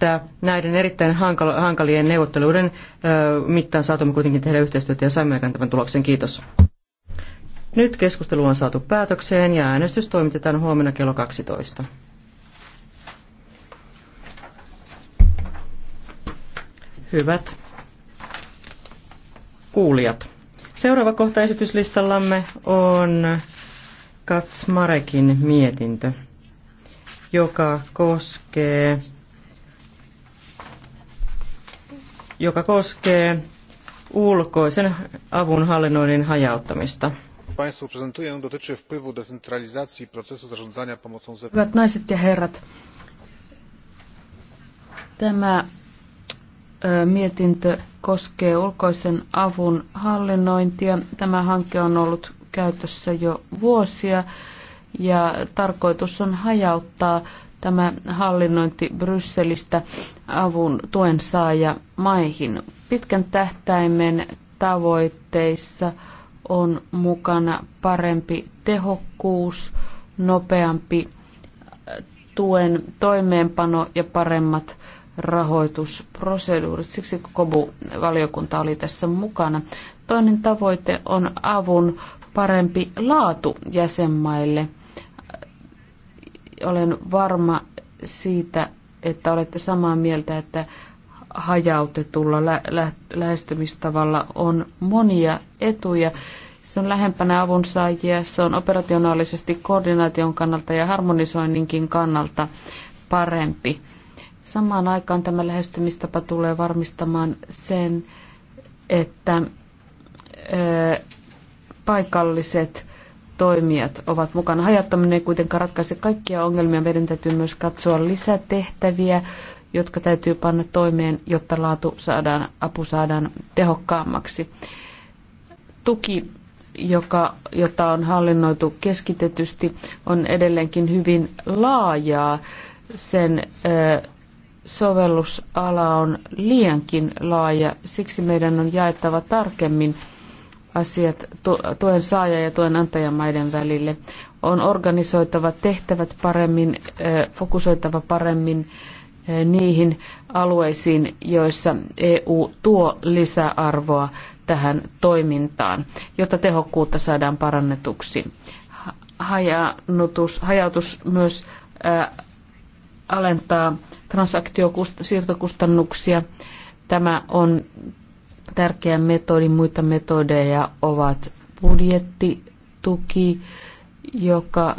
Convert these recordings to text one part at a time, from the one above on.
että näiden erittäin hankalien neuvotteluiden mittaan saatumme kuitenkin tehdä yhteistyötä ja saimme aikaan tämän tuloksen. Kiitos. Nyt keskustelu on saatu päätökseen ja äänestys toimitetaan huomenna kello 12. Hyvät kuulijat. Seuraava kohta esityslistallamme on Katsmarekin mietintö, joka koskee joka koskee ulkoisen avun hallinnoinnin hajauttamista. Hyvät naiset ja herrat, tämä mietintö koskee ulkoisen avun hallinnointia. Tämä hanke on ollut käytössä jo vuosia ja tarkoitus on hajauttaa tämä hallinnointi Brysselistä avun tuen saaja maihin. Pitkän tähtäimen tavoitteissa on mukana parempi tehokkuus, nopeampi äh, tuen toimeenpano ja paremmat rahoitusproseduurit. Siksi koko valiokunta oli tässä mukana. Toinen tavoite on avun parempi laatu jäsenmaille – olen varma siitä, että olette samaa mieltä, että hajautetulla lä- lä- lähestymistavalla on monia etuja. Se on lähempänä avunsaajia, se on operationaalisesti koordinaation kannalta ja harmonisoinninkin kannalta parempi. Samaan aikaan tämä lähestymistapa tulee varmistamaan sen, että paikalliset toimijat ovat mukana. Hajattaminen ei kuitenkaan ratkaise kaikkia ongelmia. Meidän täytyy myös katsoa lisätehtäviä, jotka täytyy panna toimeen, jotta laatu saadaan, apu saadaan tehokkaammaksi. Tuki, joka, jota on hallinnoitu keskitetysti, on edelleenkin hyvin laajaa. Sen ö, sovellusala on liiankin laaja, siksi meidän on jaettava tarkemmin asiat tuen saaja- ja tuen antajamaiden välille. On organisoitava tehtävät paremmin, fokusoitava paremmin niihin alueisiin, joissa EU tuo lisäarvoa tähän toimintaan, jotta tehokkuutta saadaan parannetuksi. hajautus myös alentaa transaktiosiirtokustannuksia. Tämä on Tärkeä metodi, muita metodeja ovat budjettituki, joka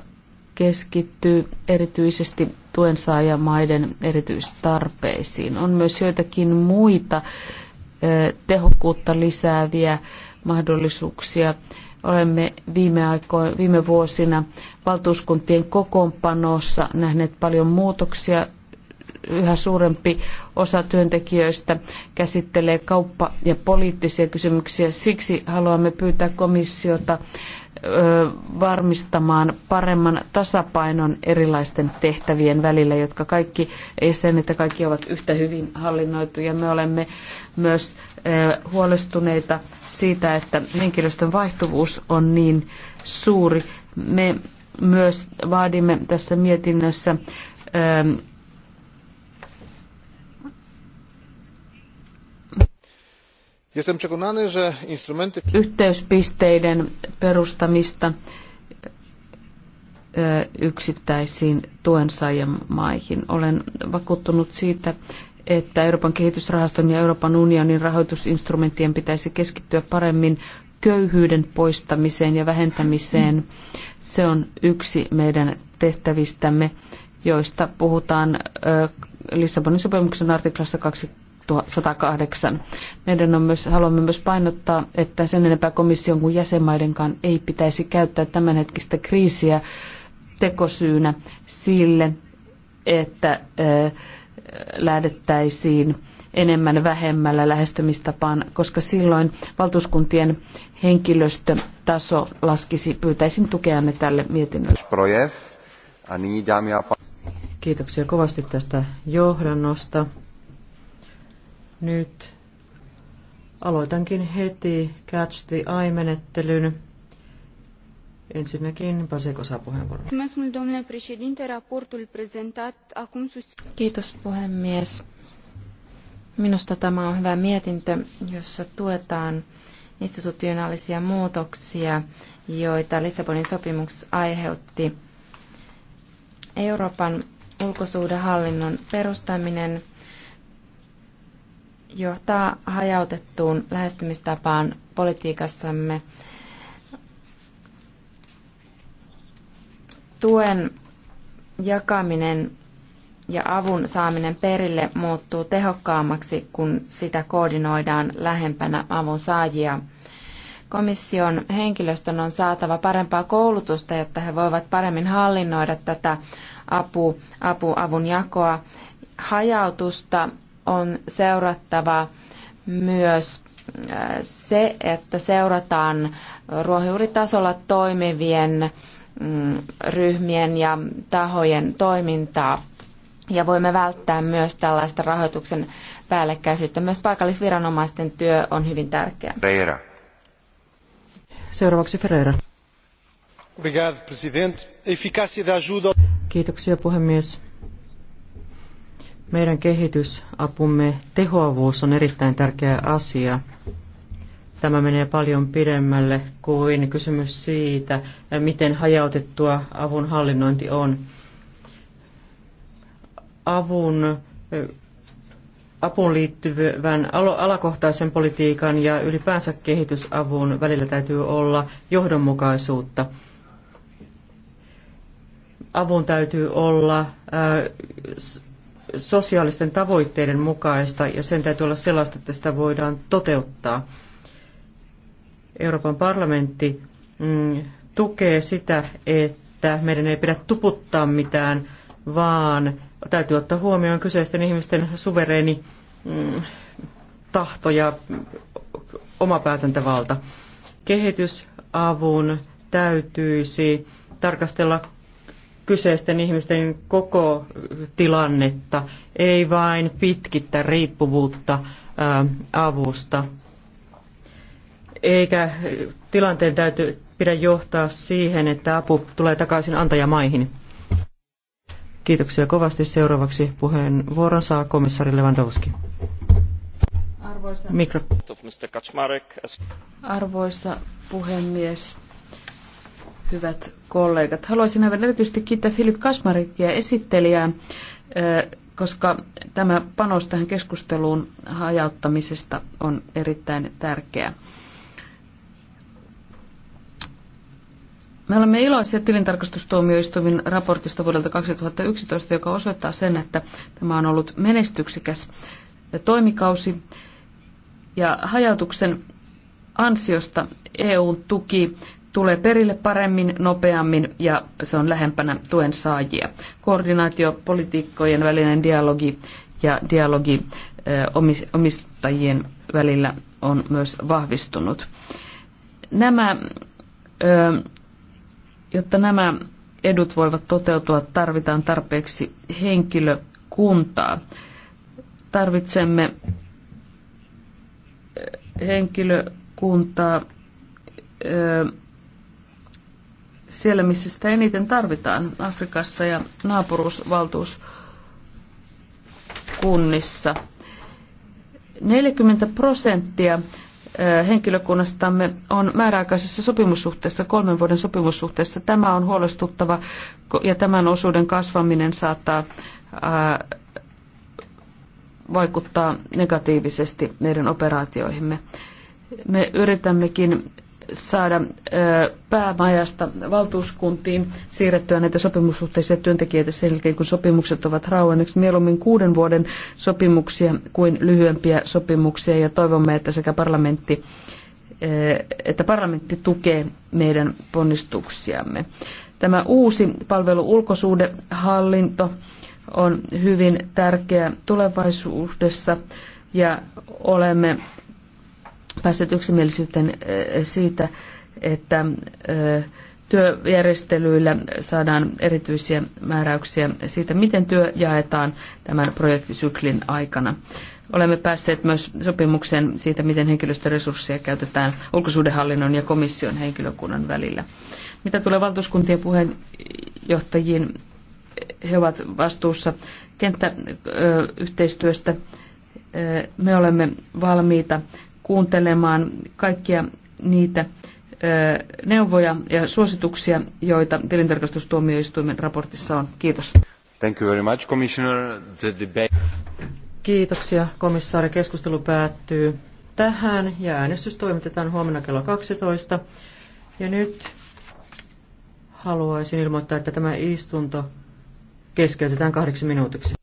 keskittyy erityisesti tuensaajamaiden erityistarpeisiin. On myös joitakin muita tehokkuutta lisääviä mahdollisuuksia. Olemme viime, aikoina, viime vuosina valtuuskuntien kokoonpanossa nähneet paljon muutoksia yhä suurempi osa työntekijöistä käsittelee kauppa- ja poliittisia kysymyksiä. Siksi haluamme pyytää komissiota varmistamaan paremman tasapainon erilaisten tehtävien välillä, jotka kaikki, ei sen, että kaikki ovat yhtä hyvin hallinnoituja. Me olemme myös huolestuneita siitä, että henkilöstön vaihtuvuus on niin suuri. Me myös vaadimme tässä mietinnössä Jestem przekonany, że instrumenty... Yhteyspisteiden perustamista e, yksittäisiin tuensaajien maihin. Olen vakuuttunut siitä, että Euroopan kehitysrahaston ja Euroopan unionin rahoitusinstrumenttien pitäisi keskittyä paremmin köyhyyden poistamiseen ja vähentämiseen. Se on yksi meidän tehtävistämme, joista puhutaan e, Lissabonin sopimuksen artiklassa 2 108. Meidän on myös, haluamme myös painottaa, että sen enempää komission kuin jäsenmaidenkaan ei pitäisi käyttää tämänhetkistä kriisiä tekosyynä sille, että lähdettäisiin enemmän vähemmällä lähestymistapaan, koska silloin valtuuskuntien henkilöstötaso laskisi. Pyytäisin tukeanne tälle mietinnölle. Kiitoksia kovasti tästä johdannosta. Nyt aloitankin heti Catch the Eye-menettelyn. Ensinnäkin Paseko saa puheenvuoron. Kiitos puhemies. Minusta tämä on hyvä mietintö, jossa tuetaan institutionaalisia muutoksia, joita Lissabonin sopimus aiheutti. Euroopan ulkosuhdehallinnon perustaminen johtaa hajautettuun lähestymistapaan politiikassamme. Tuen jakaminen ja avun saaminen perille muuttuu tehokkaammaksi, kun sitä koordinoidaan lähempänä avun saajia. Komission henkilöstön on saatava parempaa koulutusta, jotta he voivat paremmin hallinnoida tätä apu, apu, avun jakoa, hajautusta on seurattava myös äh, se, että seurataan ruohonjuuritasolla toimivien mm, ryhmien ja tahojen toimintaa. Ja voimme välttää myös tällaista rahoituksen päällekkäisyyttä. Myös paikallisviranomaisten työ on hyvin tärkeää. Ferreira. Seuraavaksi Ferreira. Kiitoksia puhemies meidän kehitysapumme tehoavuus on erittäin tärkeä asia. Tämä menee paljon pidemmälle kuin kysymys siitä, miten hajautettua avun hallinnointi on. Avun apuun liittyvän alakohtaisen politiikan ja ylipäänsä kehitysavun välillä täytyy olla johdonmukaisuutta. Avun täytyy olla äh, sosiaalisten tavoitteiden mukaista ja sen täytyy olla sellaista, että sitä voidaan toteuttaa. Euroopan parlamentti mm, tukee sitä, että meidän ei pidä tuputtaa mitään, vaan täytyy ottaa huomioon kyseisten ihmisten suvereeni mm, tahto ja oma päätäntävalta. Kehitysavun täytyisi tarkastella kyseisten ihmisten koko tilannetta, ei vain pitkittä riippuvuutta avusta. Eikä tilanteen täytyy pidä johtaa siihen, että apu tulee takaisin antajamaihin. Kiitoksia kovasti. Seuraavaksi puheenvuoron saa komissaari Lewandowski. Arvoisa, Mikro. Arvoisa puhemies, Hyvät kollegat, haluaisin aivan erityisesti kiittää Filip Kasmarikia esittelijää, koska tämä panos tähän keskusteluun hajauttamisesta on erittäin tärkeä. Me olemme iloisia tilintarkastustuomioistuimen raportista vuodelta 2011, joka osoittaa sen, että tämä on ollut menestyksikäs toimikausi. Ja hajautuksen ansiosta EUn tuki tulee perille paremmin, nopeammin ja se on lähempänä tuen saajia. Koordinaatio, politiikkojen välinen dialogi ja dialogi omistajien välillä on myös vahvistunut. Nämä, jotta nämä edut voivat toteutua, tarvitaan tarpeeksi henkilökuntaa. Tarvitsemme henkilökuntaa siellä, missä sitä eniten tarvitaan, Afrikassa ja naapuruusvaltuuskunnissa. 40 prosenttia henkilökunnastamme on määräaikaisessa sopimussuhteessa, kolmen vuoden sopimussuhteessa. Tämä on huolestuttava ja tämän osuuden kasvaminen saattaa vaikuttaa negatiivisesti meidän operaatioihimme. Me yritämmekin saada päämajasta valtuuskuntiin siirrettyä näitä sopimussuhteisia työntekijöitä sen jälkeen, kun sopimukset ovat rauhanneksi. Mieluummin kuuden vuoden sopimuksia kuin lyhyempiä sopimuksia ja toivomme, että sekä parlamentti että parlamentti tukee meidän ponnistuksiamme. Tämä uusi palvelu ulkosuudehallinto on hyvin tärkeä tulevaisuudessa ja olemme päässeet yksimielisyyteen siitä, että työjärjestelyillä saadaan erityisiä määräyksiä siitä, miten työ jaetaan tämän projektisyklin aikana. Olemme päässeet myös sopimukseen siitä, miten henkilöstöresursseja käytetään ulkosuudenhallinnon ja komission henkilökunnan välillä. Mitä tulee valtuuskuntien puheenjohtajiin, he ovat vastuussa kenttäyhteistyöstä. Me olemme valmiita kuuntelemaan kaikkia niitä neuvoja ja suosituksia, joita tilintarkastustuomioistuimen raportissa on. Kiitos. Thank you very much, Commissioner. The debate... Kiitoksia, komissaari. Keskustelu päättyy tähän ja äänestys toimitetaan huomenna kello 12. Ja nyt haluaisin ilmoittaa, että tämä istunto keskeytetään kahdeksi minuutiksi.